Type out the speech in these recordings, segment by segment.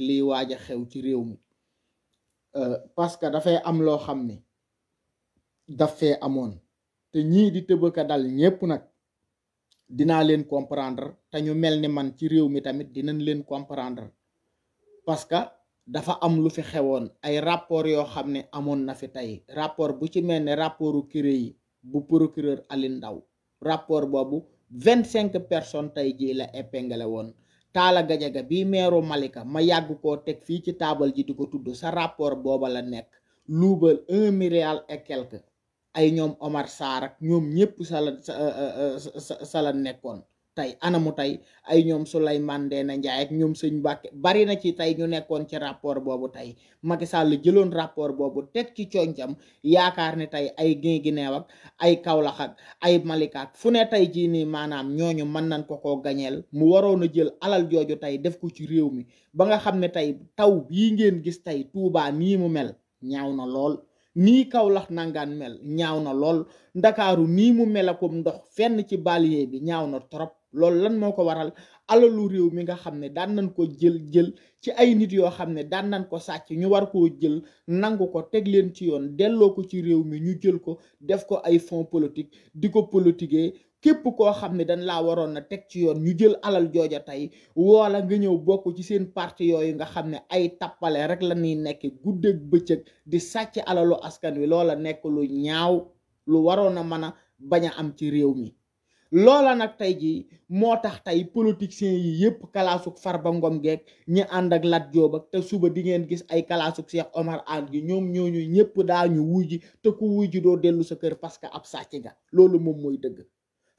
li waaj a xew ci réew mi euh, parce que dafay am loo xam ne daf fe amoon te ñii di tëbëka dal ñépp nag dinaa leen comprendre te ñu mel ni man ci réew mi tamit dinañ leen comprendre parce que dafa am lu fi xewoon ay rapport yoo xam ne amoon na fi tey rapport bu ci mel ne rapportu CREI yi bu procureur Aline Ndao rapport boobu vingt cinq personnes tey jii la épinglé woon Talla Gajaga bi meeru Malika ma yàgg koo teg fii ci taabal ji di ko tudd sa rapport booba la nekk luubal un milliard et quelque ay ñoom Omar Sarr ñoom ñépp euh, euh, euh, sa sa sa la nekkoon tey anamu tey ay ñoom Souleymane Ndéné Ndiaye ak ñoom sëñ Mbàkke bari na ci tey ñu nekkoon ci rapport boobu tey Macky Sall jëloon rapport boobu teg ci coñcam yaakaar ne tey ay Guinée ak ay Kaolack ay malikaat fu ne tey jii nii maanaam ñooñu mën nañ ko ko gañeel mu waroon a jël alal jooju tey def ko ci réew mi ba nga xam ne tey taw bii ngeen gis tey Touba nii mu mel ñaaw na lool. nii kawlax nangaan mel ñaaw na lool Ndakaaru nii mu melakum ndox fenn ci banlieue bi ñaaw na trop. loolu lan moo ko waral alalu réew mi nga xam ne daan nañ ko jël jël ci ay nit yoo xam ne daan nañ ko sàcc ñu war koo jël nangu ko teg leen ci yoon delloo ko ci réew mi ñu jël ko def ko ay fonds politique di ko politiquer képp koo xam ne dañ laa waroon na teg ci yoon ñu jël alal jooja tey woola nga ñëw bokk ci seen parti yooyu nga xam ne ay tappale rek la ñuy nekk guddeeg bëccëg di sàcc alalu askan wi loola nekk lu ñaaw lu waroon a mën a bañ a am ci réew mi loola nag tey jii moo tax tey politiciens yi yëpp kalaasug ba Ngom geeg ñi ànd ak Lat Joob te suba di ngeen gis ay kalaasug Cheikh Omar Anne gi ñoom ñooñu ñëpp daañu wuy ji te ku wuy doo dellu sa kër parce que ab sàcc nga loolu moom mooy dëgg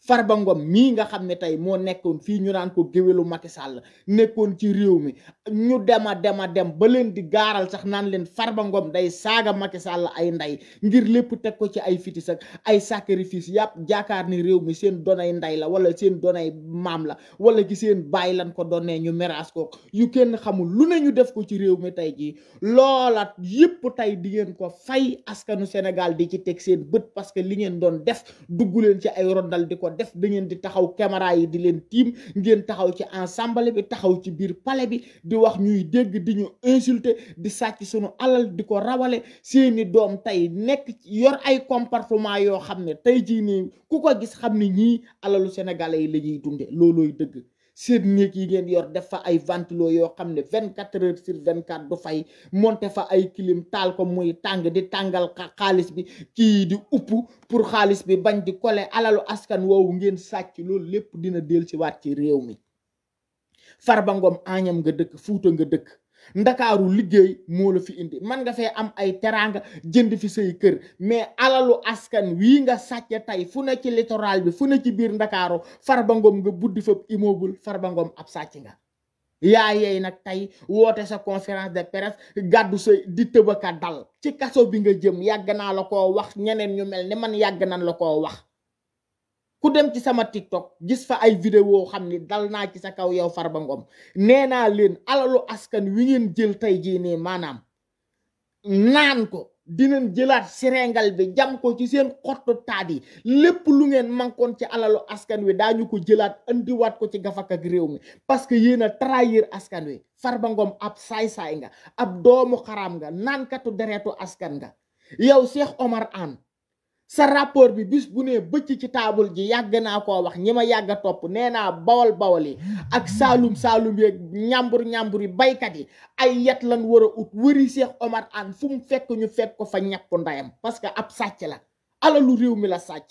Farba Ngom mii nga xam ne tey moo nekkoon fii ñu naan ko géwélu Macky Sall nekkoon ci réew mi ñu dema dema dem ba leen di gaaral sax naan leen Farba Ngom day saaga Macky Sall ay ndey ngir lépp teg ko ci ay fitis ak ay sacrifice yàpp jaakaar ni réew mi seen donay nday la wala seen donay maam la wala ci seen bàyyi lan ko donee ñu meraas ko yu kenn xamul lu ne ñu def ko ci réew mi tey jii loola yépp tey di ngeen ko fay askanu Sénégal di ci teg seen bët parce que li ngeen doon def dugg leen ci ay rondal di ko def da ngeen di taxaw caméra yi di leen tiim ngeen taxaw ci ensemble bi taxaw ci biir pale bi di wax ñuy dégg di ñu insulter di sàcc sunu alal di ko rawale seeni doom tey nekk yor ay comportement yoo xam ne tey jii nii ku ko gis xam ne ñii alalu sénégalais yi la ñuy dunde loolooy dëgg seen néeg yi ngeen yor def fa ay ventilo yoo xam ne vingt quatre heures sur vingt quatre du fay moonte fa ay kilim taal ko muy tàng di tàngal xaalis bi kii di upp pour xaalis bi bañ di kole alalu askan woowu ngeen sàcc loolu lépp dina dellusiwaat ci réew mi ba ngoom añam nga dëkk Fuuta nga dëkk ndakaaru liggéey moo la fi indi man nga fee am ay teraanga jënd fi say kër mais alalu askan wii nga sàcce tey fu ne ci littoral bi fu ne ci biir ndakaaru Farba Ngom nga buddi fa immeuble Farba Ngom ab sàcc nga yaa yeey nag tey woote sa conférence de presse gàddu sa di tëbaka dal ci kaso bi nga jëm yàgg naa la ko wax ñeneen ñu mel ni man yàgg nan la ko wax ku dem ci sama TikTok gis fa ay vidéo xam ni dal naa ci sa kaw yow Farba Ngom nee naa leen alalu askan wi ngeen jël tey ji nii maanaam naan ko dinañ jëlaat sirengal bi jam ko ci seen xottu taat yi lépp lu ngeen mankoon ci alalu askan wi daañu ko jëlaat indiwaat ko ci gafak ak réew mi parce que yéen a trahir askan wi Farba ab saay-saay nga ab doomu xaraam nga naankatu deretu askan nga yow Cheikh Omar Anne sa rapport bi bis bu ne bëcc ci taabul ji yàgg naa ko wax ñi ma yàgg a topp nee naa bawal bawal yi ak saalum saalum yeeg ñàmbur ñàmbur yi baykat yi ay yet lan war a ut wëri Cheikh Omar Anne fu fekk ñu fekk ko fa ñàpp ndayam parce que ab sàcc la alalu réew mi la sàcc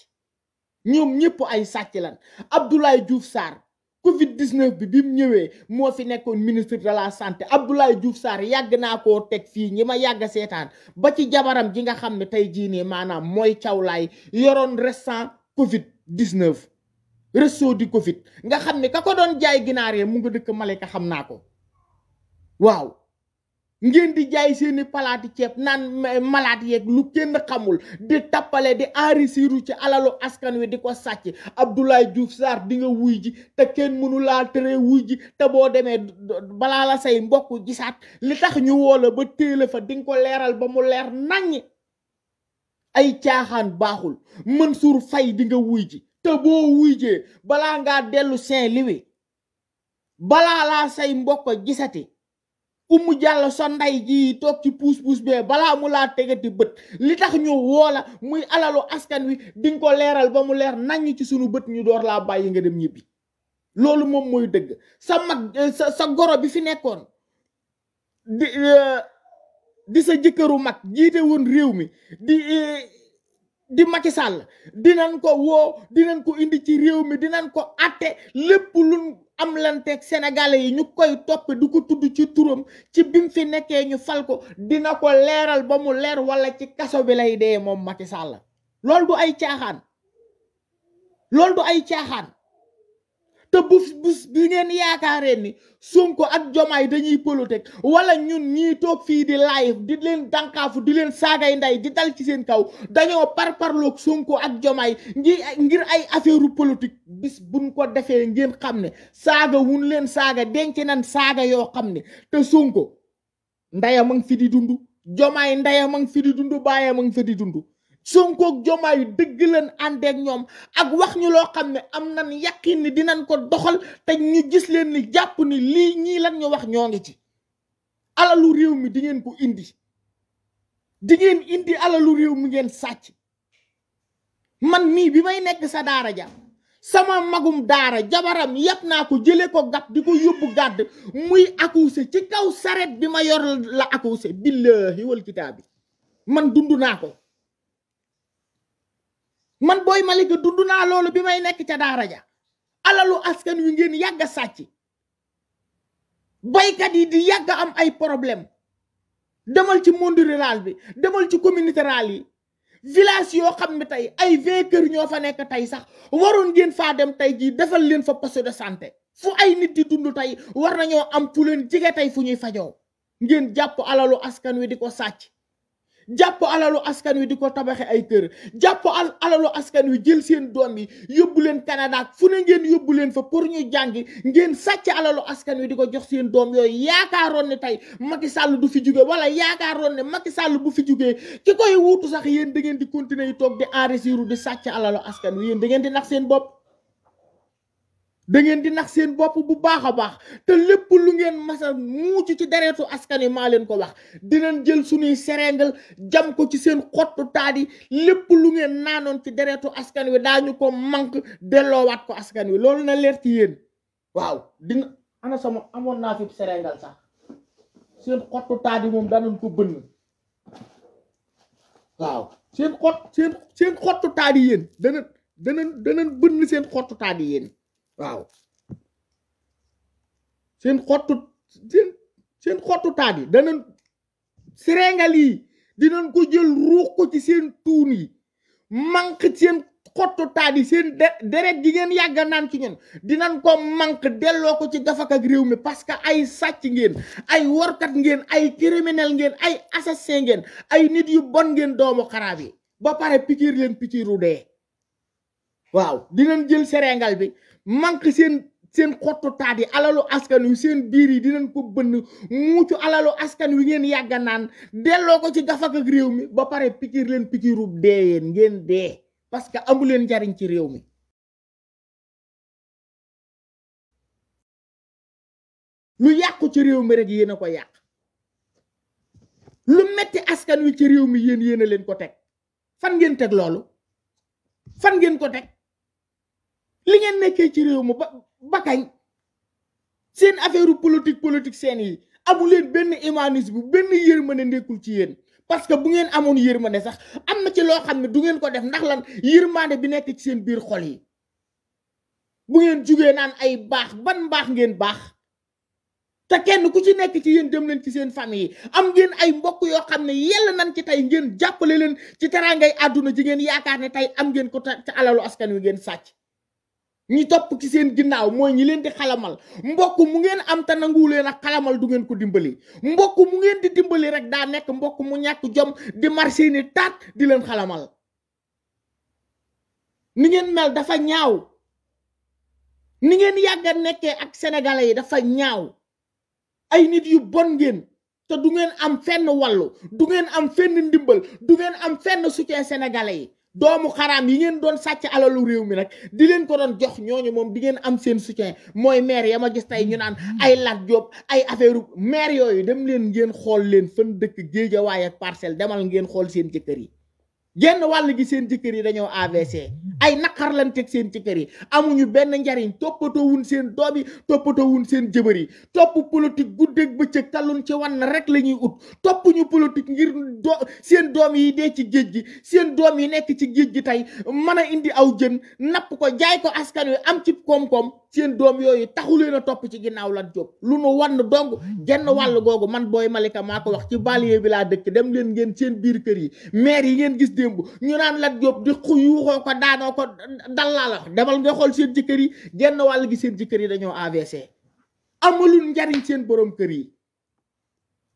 ñoom ñëpp ay sàcc lan Abdoulaye Diouf Sarr Covid 19 bi bi mu ñëwee moo fi nekkoon ministre de la santé Abdoulaye Diouf Sarr yàgg naa koo teg fii ñi ma yàgg seetaan ba ci jabaram ji nga xam ne tey jii nii maanaam mooy cawlaay yoroon restant Covid 19. resto di Covid nga xam ne ka ko doon jaay ginaar yee mu nga dëkk Malika xam naa ko waaw. ngeen di jaay seeni palaati ceeb naan malaat yeeg lu kenn xamul di tappale di enrichiru ci alalu askan wi di ko sàcc Abdoulaye Diouf Sarr di nga wuy ji te kenn mënu laa tere wuy ji te boo demee balaa la say mbokk gisaat li tax ñu woola ba téele fa dinga ko leeral ba mu leer naññ ay caaxaan baaxul Mansour Faye di nga wuy ji te boo wuy jee balaa nga dellu saint liwi balaa laa say mbokko gisati umu jàll sa nday ji toog ci puus puus bee balaa mu laa tegati bët li tax ñu woola muy alalu askan wi di ko leeral ba mu leer naññ ci sunu bët ñu door laa bàyyi nga dem ñibbi loolu moom mooy dëgg sa mag eh, sa goro bi fi nekkoon eh, di sa jëkkëru mag jiite woon réew mi di eh, di Macky dinañ ko woo dinañ ko indi ci réew mi dinañ ko atte lépp luñ am lanteeg sénégalais yi ñu koy topp di ko tudd ci turam ci bi fi nekkee ñu fal ko dina ko leeral ba mu leer wala ci kaso bi lay dee moom Macky Sall loolu du ay caaxaan loolu du ay caaxaan te bu bu bu ngeen yaakaaree ni Sonko ak Jomaay dañuy politique wala ñun ñii toog fii di laay di leen dànkaafu di leen saagay nday di dal ci seen kaw dañoo parparloog Sonko ak Jomaay ngir ngir ay affaire politique bis buñ ko defee ngeen xam ne saaga wun leen saaga denc nan saaga yoo xam ne te sunko ndeyam a ngi fi di dund Jomaay ndeyam a ngi fi di dund baayam a ngi fi di dundu sonkook Jomaay dëgg leen àndeek ñoom ak wax ñu loo xam ne am nan yàqin ni dinañ ko doxal te ñu gis leen ni jàpp ni lii ñii lan ñu wax ñoo ngi ci alalu réew mi dingeen ko indi di ngeen indi alalu réew mi ngeen sàcc man mii bi may nekk sa daara ja sama magum daara jabaram yàpp naa ko jële ko gàpp di ko yóbbu gàdd muy accusé ci kaw saret bi ma yor la accusé billaahi wal kitaabi man dund naa ko man booy Malika dund naa loolu bi may nekk ca daara ja alalu askan wi ngeen yàgg a sàcc baykat yi di yàgg am ay problème demal ci monde rural bi demal ci communauté rurale yi village yoo xam ne tey ay vingt kër ñoo fa nekk tey sax waroon ngeen faa dem tey jii defal leen fa poste de santé fu ay nit di dund tey war nañoo am fu leen jige tey fu ñuy fajoo ngeen jàpp alalu askan wi di ko sàcc jàpp alalu askan wi di ko tabaxe ay kër jàpp al alalu askan wi jël seen doom yi yóbbu leen Canada fu ne ngeen yóbbu leen fa pour ñu jàngi ngeen sàcc alalu askan wi di ko jox seen doom yooyu yaakaaroon ne tey Macky sàll bu fi jógee wala yaakaaroon ne Macky Sall bu fi jógee ki koy wuutu sax yéen da ngeen di continuer yi toog di enrichir di sàcc alalu askan wi yéen dangeen di nax seen bopp da ngeen di nax seen bopp bu baax a baax te lépp lu ngeen masa muucu ci deretu askan wi maa leen ko wax dinañ jël suñuy serengal jam ko ci seen xottu taadi lépp lu ngeen naanoon ci deretu askan wi daañu ko manque delloowaat ko askan wi loolu na leer yéen waaw dina ana amoon naa fi sax seen xottu taadi moom danañ ko bënn waaw seen xottu taadi yéen dana dana danañ bënn seen xottu taadi yéen waaw seen xottu seen xottu taat yi danañ sirengal yi dinañ ko jël ruux ko ci seen tuun yi manq seen xottu taat yi seen deret gi ngeen yàgga naan ci ngeen dinañ ko manq delloo ko ci gafak réew mi parce que ay sàcc ngeen ay workat ngeen ay criminel ngeen ay assassin ngeen ay nit yu bon ngeen doomu xaraab yi ba pare picciir leen pikiiru dee waaw dinañ jël sirengal bi manque seen seen xottu taat yi alalu askan wi seen biir yi dinañ ko bënn muucu alalu askan wi ngeen yàgga naan delloo ko ci gafak réew mi ba pare pikir leen pikirub dee yéen ngeen dee parce que amu njariñ ci réew mi lu yàqu ci réew mi rek yéen ko yàq lu metti askan wi ci réew mi yéen yéen leen ko teg fan ngeen teg loolu fan ngeen ko teg li ngeen nekkee ci réew mi ba ba kañ seen affaire politique politique seen yi amu leen benn bu benn yërmande nekkul ci yéen parce que bu ngeen amoon yërmande sax am na ci loo xam ne du ngeen ko def ndax lan yërmande bi nekk ci seen biir xol yi bu ngeen jugee naan ay baax ban mbaax ngeen baax te kenn ku ci nekk ci yéen dem leen ci seen famille am ngeen ay mbokk yoo xam ne yell nan ci tey ngeen jàppale leen ci teraangay àdduna ji ngeen yaakaar ne tey am ngeen ko te alalu askan wi ngeen sàcc ñi topp ci seen ginnaaw mooy ñi leen di xalamal mbokk mu ngeen am te nanguwu leen a xalamal du ngeen ko dimbali mbokk mu ngeen di dimbali rek daa nekk mbokk mu ñàkk jom di marché ni taat di leen xalamal ni ngeen mel dafa ñaaw ni ngeen yàgg a nekkee ak sénégalais yi dafa ñaaw ay nit yu bon ngeen te du ngeen am fenn wàllu du ngeen am fenn ndimbal du ngeen am fenn soutien sénégalais yi doomu xaraam yi ngeen doon sàcc alalu réew mi nag di leen ko doon jox ñooñu moom di ngeen am seen soutien mooy maire ya ma gis tey ñu naan ay Lat Diop ay affaire maire yooyu dem leen ngeen xool leen fan dëkk Géejawaay waaye parcelle demal ngeen xool seen jëkkër yi genn wàll gi seen jëkkër yi dañoo AVC ay naqar lan teg seen ci kër yi amuñu benn njariñ toppatoo seen doom yi toppatoo seen jëbër yi topp politique guddeeg bëccëg tallun ci wan rek la ñuy ut topp ñu ngir do seen doom yi dee ci géej gi seen doom yi nekk ci géej gi tey mën a indi aw jën napp ko jaay ko askan wi am ci koom seen doom yooyu taxuleen a topp ci ginnaaw lan jóg lu nu wann dong genn wàll googu man booy Malika maa ko wax ci banlieue bi laa dëkk dem leen ngeen seen biir kër yi maire yi ngeen gis démb ñu naan lan jóg di xuyuuxoo ko daanoo ñoo ko dal laa demal nga xool seen jëkkër yi genn wàll gi seen jëkkër yi dañoo AVC amalul njariñ seen boroom kër yi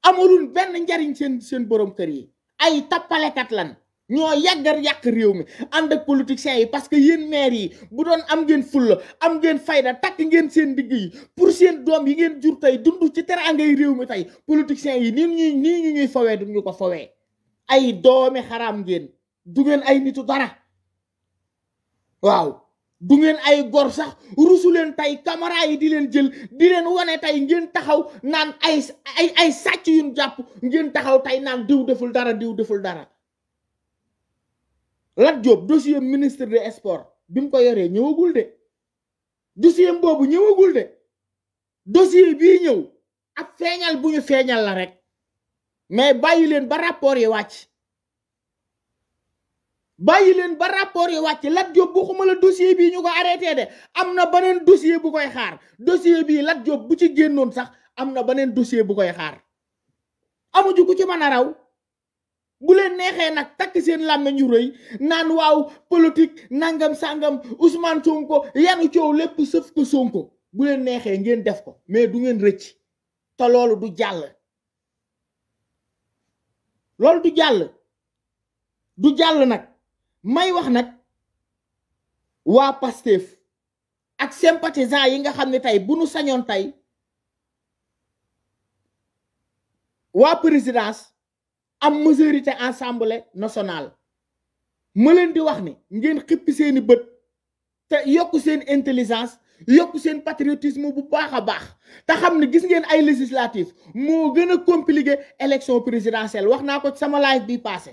amalul benn njariñ seen seen boroom kër yi ay tappalekat lan ñoo yàggar yàq réew mi ànd ak politiciens yi parce que yéen maire yi bu doon am ngeen fulla am ngeen fayda takk ngeen seen digg yi pour seen doom yi ngeen jur tey dundu ci tere teraangay réew mi tey politiciens yi nii ñuy nii ñu fowee fawee du ñu ko fawee ay doomi xaraam ngeen du ay nitu dara waaw du ngeen ay gor sax rusu leen tey caméra yi di leen jël di leen wane tey ngeen taxaw naan ay ay ay sàcc yuñ jàpp ngeen taxaw tey naan diw deful dara diw deful dara Lat Diop dossier ministre des sports bi mu ko yoree ñëwagul de dossier boobu ñëwagul de dossier bii ñëw ak feeñal bu ñu feeñal la rek mais bàyyi leen ba rapport yi wàcc bàyyi leen ba rapport yi wàcc Lat Diop waxuma la dossier bii ñu ko arrêté de am na beneen dossier bu koy xaar dossier bii Lat Diop bu ci génnoon sax am na beneen dossier bu koy xaar amuju ku ci mën a raw bu leen neexee nag takk seen làmmiñ ñu rëy naan waaw politique nangam sangam Ousmane Sonko yanu coow lépp sëf ko Sonko bu leen neexee ngeen def ko mais du ngeen rëcc te loolu du jàll loolu du jàll du jàll nag. may wax nag waa Pastef ak sympathisants yi nga xam ne tey bu nu sañoon tey waa présidence am majorité assemblée nationale ma leen di wax ni ngeen xippi seeni bët te yokk seen intelligence yokk seen patriotisme bu baax a baax te xam ni gis ngeen ay législative moo gën a compliqué élection présidentielle wax naa ko sama live bi passé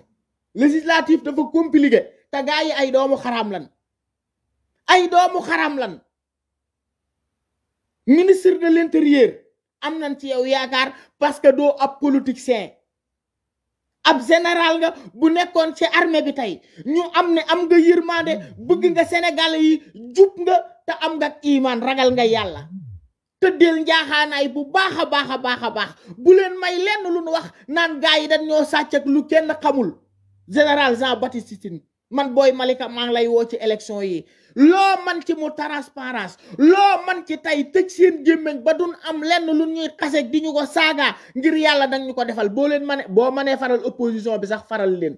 législative dafa compliqué te gaa yi ay doomu xaram lan ay doomu xaram lan ministre de l'intérieur am nañ ci yow yaakaar parce que doo ab politicien ab général nga bu nekkoon ci armée bi tey ñu am ne am nga yërmande bëgg nga sénégalais yi jub nga te am nga iman ragal nga yàlla tëddeel njaaxaanaay bu baax a baax baax a baax bu leen may lenn lu nu wax naan gaa yi dañ ñoo sàcc lu kenn xamul général Jean Baptiste man booy Malika maa lay woo ci élection yi loo man ci mu transparence loo man ci tey tëj seen gémmiñ ba duñ am lenn lu ñuy xaseg di ñu ko saaga ngir yàlla dañ ñu ko defal boo leen mane boo mënee faral opposition bi sax faral leen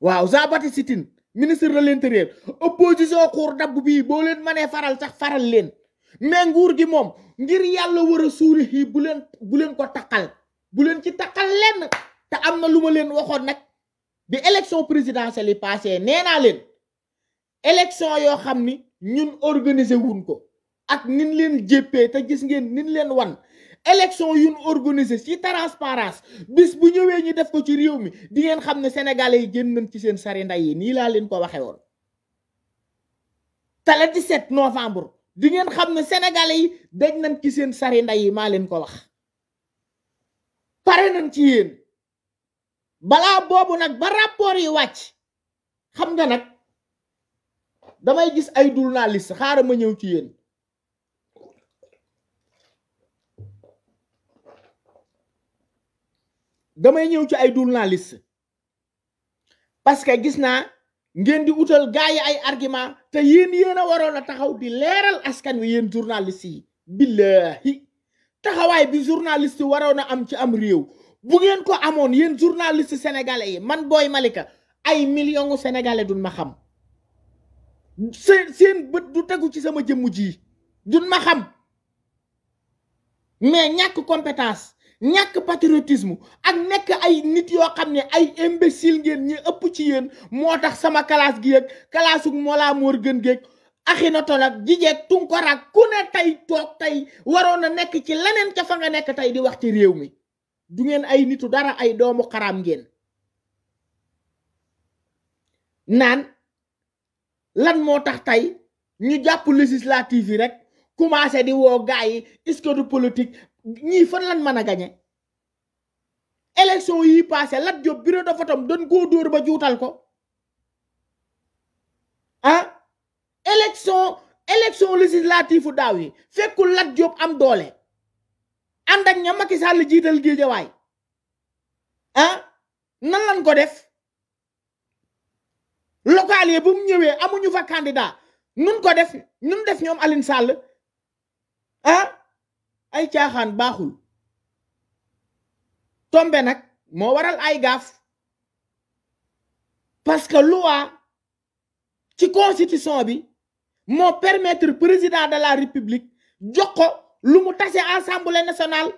waaw Jean Baptiste Tine ministre de l'intérieur opposition xuur dabb bi boo leen manee faral sax faral leen mais nguur gi moom ngir yàlla war a suuli yi bu leen bu leen ko taqal bu leen ci takkal lenn te am na lu ma leen waxoon nag bi élection présidentielle yi passé nee naa leen élection yoo xam ni ñun organiser wuñ ko ak nin leen jéppee te gis ngeen nin leen wan élection yuñ organiser ci transparence bis bu ñëwee ñu def ko ci réew mi di ngeen xam ne sénégalais yi génn nañ ci seen sari nday yi nii laa leen ko waxee woon te le 17 novembre di ngeen xam ne sénégalais yi dañ nañ ci seen sari nday yi maa leen ko wax pare nañ ci yéen balaa boobu nag ba rapport yi wàcc xam nga nag damay gis ay journaliste xaaral ma ñëw ci yéen damay ñëw ci ay journaliste parce que gis naa ngeen di utal gaa yi ay argument te yéen yéen a waroon a taxaw di leeral askan wi yéen journaliste yi billahi taxawaay bi journaliste waroon a am ci am réew bu ngeen ko amoon yéen journaliste sénégalais yi man booy Malika ay millions gu sénégalais duñ ma xam seen seen bët du tegu ci sama jëmm ji duñ ma xam mais ñàkk compétence ñàkk patriotisme ak nekk ay nit yoo xam ne ay imbécile ngeen ñi ëpp ci yéen moo tax sama classe gi ak classe gu Mollah Morgun géeg Akhenaton ak Jijek Tunkara ku ne tey toog tey waroon a nekk ci leneen ca fa nga nekk tey di wax ci réew mi du ngeen ay nitu dara ay doomu xaraam ngeen naan lan moo tax tay ñu jàpp législative yi rek commencé di woo gars yi est-ce que ñii fan lan mën a gañe élection yi passé Lat Diop bureau de vote am dóor ba juutal ko ah élection élection législative daaw yi fekkul Lat Diop am doole ànd ak ña Macky jiital Géejawaay ah nan lañ ko def local yi bu mu ñëwee amuñu fa candidat nun ko def nun def ñoom Aline Sall a ah, ay caaxaan baaxul tombe nag moo waral ay gaaf parce que loi ci constitution bi moo permettre président de la république jox ko lu mu tase assemblée nationale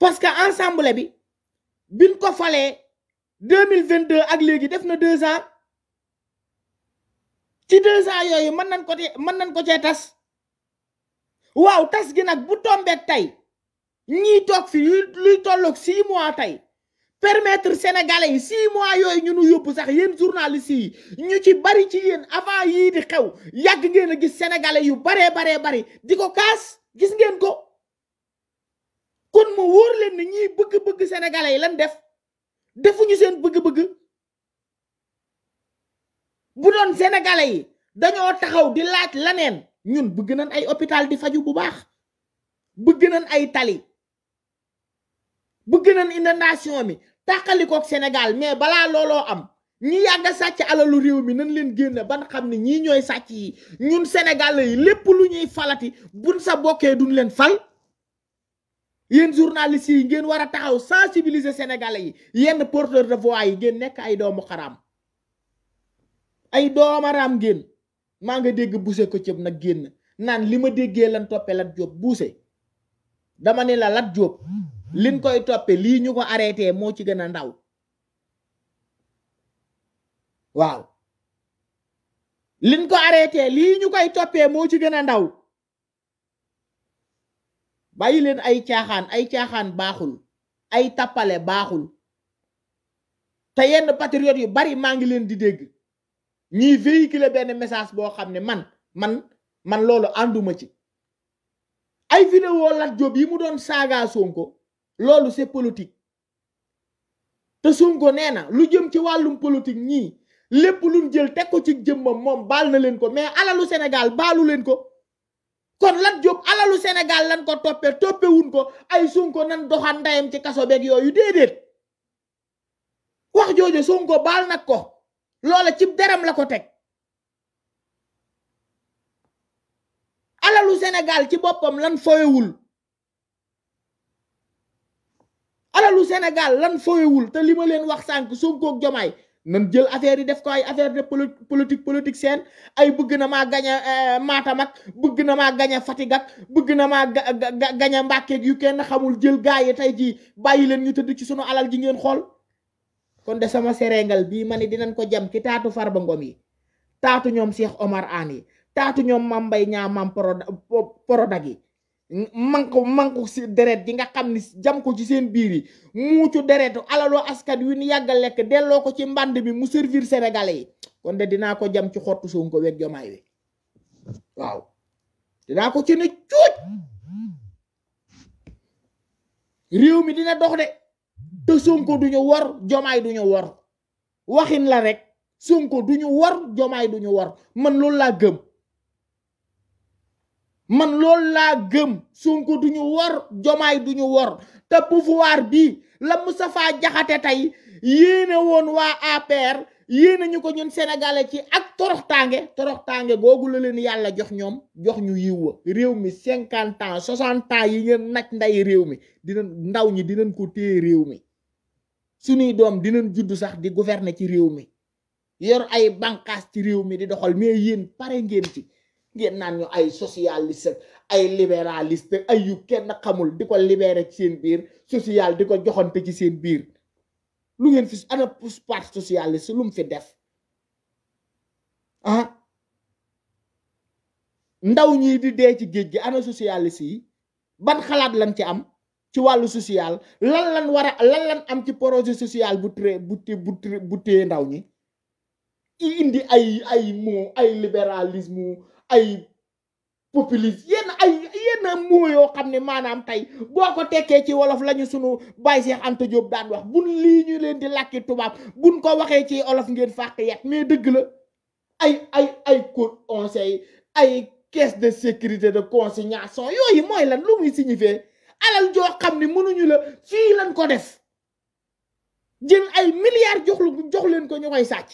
parce que assemblée bi bin ko falee deux mille ak léegi def na deux ans ci deux ans yooyu mën nañ ko mën nañ ko cee tas waaw tas gi nag bu tombee tey ñiy toog fi luy tolloog six mois tey permettre sénégalais yi six mois yooyu ñu nu yóbbu sax yéen journalistes yi ñu ci bari ci yéen avant yii di xew yàgg ngeen a gis sénégalais yu baree baree bari di ko kaas gis ngeen ko kon mu wóor leen ni ñiy bëgg-bëgg sénégalais yi lan def defuñu seen bëgg-bëgg bu doon sénégalais yi dañoo taxaw di laaj laneen ñun bëgg nañ ay hôpital di faju bu baax bëgg nañ ay tali bëgg nañ inondation mi tàqalikook Sénégal mais balaa looloo am ñi yàgg sàcc alalu réew mi nañ leen génne ban xam ne ñii ñooy sàcc yi ñun sénégalais yi lépp lu ñuy falati buñ sa bokkee duñ leen fal yéen journalistes yi ngeen war a taxaw sensibiliser sénégalais yi yenn porteur de yi ngeen nekk ay doomu xaraam ay doomaraam ngeen maa nga dégg buuse ko cëb nag génn naan li ma déggee lan toppe Lat Diop buuse dama ne la Lat Diop liñ koy toppe lii ñu ko arrêté moo ci gën a ndaw waaw liñ ko arrêté lii ñu koy toppe moo ci gën a ndaw bàyyi leen ay caaxaan ay caaxaan baaxul ay tappale baaxul te yenn patriotes yu bari maa ngi leen di dégg ñiy véhiculer benn message boo xam ne man man man loolu ànduma ci ay vidéo Lat Diop yi mu doon saaga Sonko loolu c'est politique te Sonko nee na lu jëm ci wàllum politique ñii lépp luñ jël teg ko ci jëmmam moom baal na leen ko mais alalu Sénégal baalu leen ko kon Lat Diop alalu Sénégal lan ko toppe toppewuñ ko ay Sonko nan doxaan ndayam ci kaso beeg yooyu déedéet wax jooju Sonko baal nag ko loola cib deram la ko teg alalu Sénégal ci boppam lan foyewul alalu senegal lan foyewul te li ma leen wax sànq Sonko ak Jomaay nan jël affaire yi def ko ay affaire de politique politique seen ay bëgg na maa gañ a euh, Matam ak bëgg na maa gaña fatigat bëgg na ma gañ a Mbàkke yu kenn xamul jël gaa yi tey jii bàyyi leen ñu tëdd ci sunu alal ji ngeen xool kon de sama séréngal bii ma ne dinañ ko jam ci taatu Farba Ngom yi taatu ñoom Cheikh Omar Anne yi taatu ñoom Mame Mbaye Niang Mame yi man ko man deret ji nga xam ni jam ko ci seen biir yi muucu deretu alaloo askan wi nu yàgg lekk delloo ko ci mbànd bi mu servir sénégalais yi kon de dinaa ko jam ci xottu Sonko weeg jomaay wi waaw dinaa ko ci ne mi dina dox de te Sonko duñu wor jomaay duñu wor waxin la rek Sonko duñu wor jomaay duñu wor man loolu laa gëm man loolu laa gëm Sonko du ñu wor jomaay du ñu wor te pouvoir bi la Moustapha Diakhaté tey yéene woon waa APR yéene ñu ko ñun sénégalais ci ak toroxtaange toroxtaange googu la leen yàlla jox ñoom jox ñu yiw réew mi cinquante ans soixante ans yi ngeen naj nday réew mi dinañ ndaw ñi dinañ ko téye réew mi suñuy doom dinañ juddu sax di gouverner ci réew mi yor ay bànqaas ci réew mi di doxal mais yéen pare ngeen ci ngeen naan ñu ay socialiste ay libéraliste ay yu kenn xamul di ko libéré ci seen biir social di ko joxante ci seen biir lu ngeen fi ana parti socialiste lu mu fi def ah ndaw ñi di dee ci géej gi ana socialiste yi ban xalaat lañ ci am ci wàllu social lan lan war a lan lan am ci projet social bu tré bu bu téye ndaw ñi indi ay ay moo ay libéralisme ay populiste yenn ay yenn moo yoo xam ne maanaam tey boo ko tekkee ci wolof lañu sunu Baye Cheikh Anta daan wax bu lii ñu leen di làkki tubaab buñ ko waxee ci olof ngeen fàq yet mais dëgg la ay ay ay cour conseil ay caisse de sécurité de consignation yooyu mooy lan lu muy signifier alal joo xam ne mënuñu la fii lañ ko def jël ay milliards jox jox leen ko ñu koy sàcc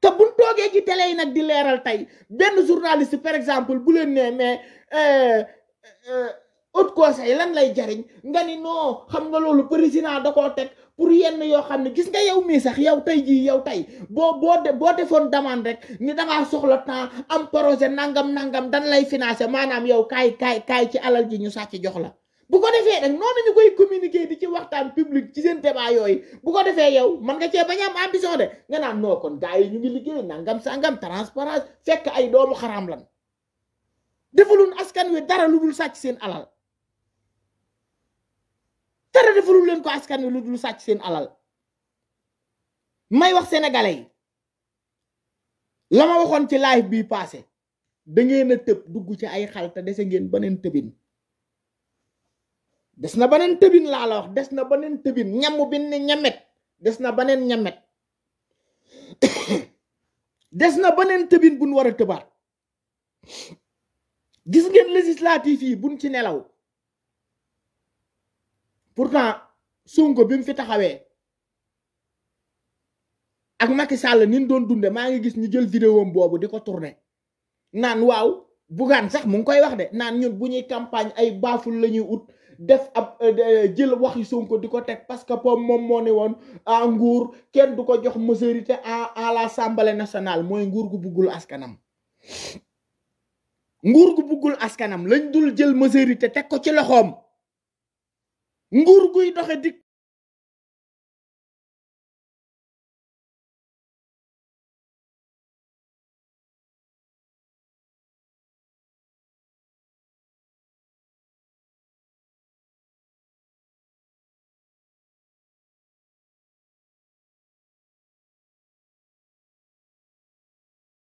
te buñ toogee ci télé yi nag di leeral tey benn journaliste par exemple bu leen nee mais haut euh, euh, conseil lan lay jariñ nga ni non xam nga loolu président da koo teg pour yenn yoo xam ne gis nga yow mii sax yow tey jii yow tey boo boo de boo defoon demande rek ni da ngaa soxla temps am projet nangam nangam dan lay financé maanaam yow kaay kaay kaay ci alal ji ñu sàcc jox la. bu ko defee nag noonu ñu koy communiquer di ci waxtaan public ci seen débat yooyu bu ko defee yow man nga cee bañ a am ambition de nga naan noo kon gaa yi ñu ngi liggéey nangam sangam transparence fekk ay doomu xaraam lan defalul askan wi dara lu dul sàcc seen alal dara defalul leen ko askan wi lu dul sàcc seen alal may wax sénégalais yi la ma waxoon ci laay bi passé da ngeen a tëb dugg ci ay xal te dese ngeen beneen tëbin des na beneen tëbin laa la wax des na beneen tëbin ñam bi ne ñamet des na beneen ñamet des na beneen tëbin buñ war a tëbaat gis ngeen législatif yi buñ ci nelaw pourtant Sonko bi mu fi taxawee ak Macky Sall ni doon dunde maa ngi gis ñu jël vidéo boobu di ko tourné naan waaw Bougane sax mu ngi koy wax de naan ñun bu ñuy campagne ay baaful la ñuy ut def ab euh, euh, jël waxi Sonko di ko teg parce que pom moom moo ne woon ah nguur kenn du ko jox majorité à la sambale nationale mooy nguur gu buggul askanam nguur gu buggul askanam lañ dul jël majorité teg ko ci loxoom nguur guy doxe dik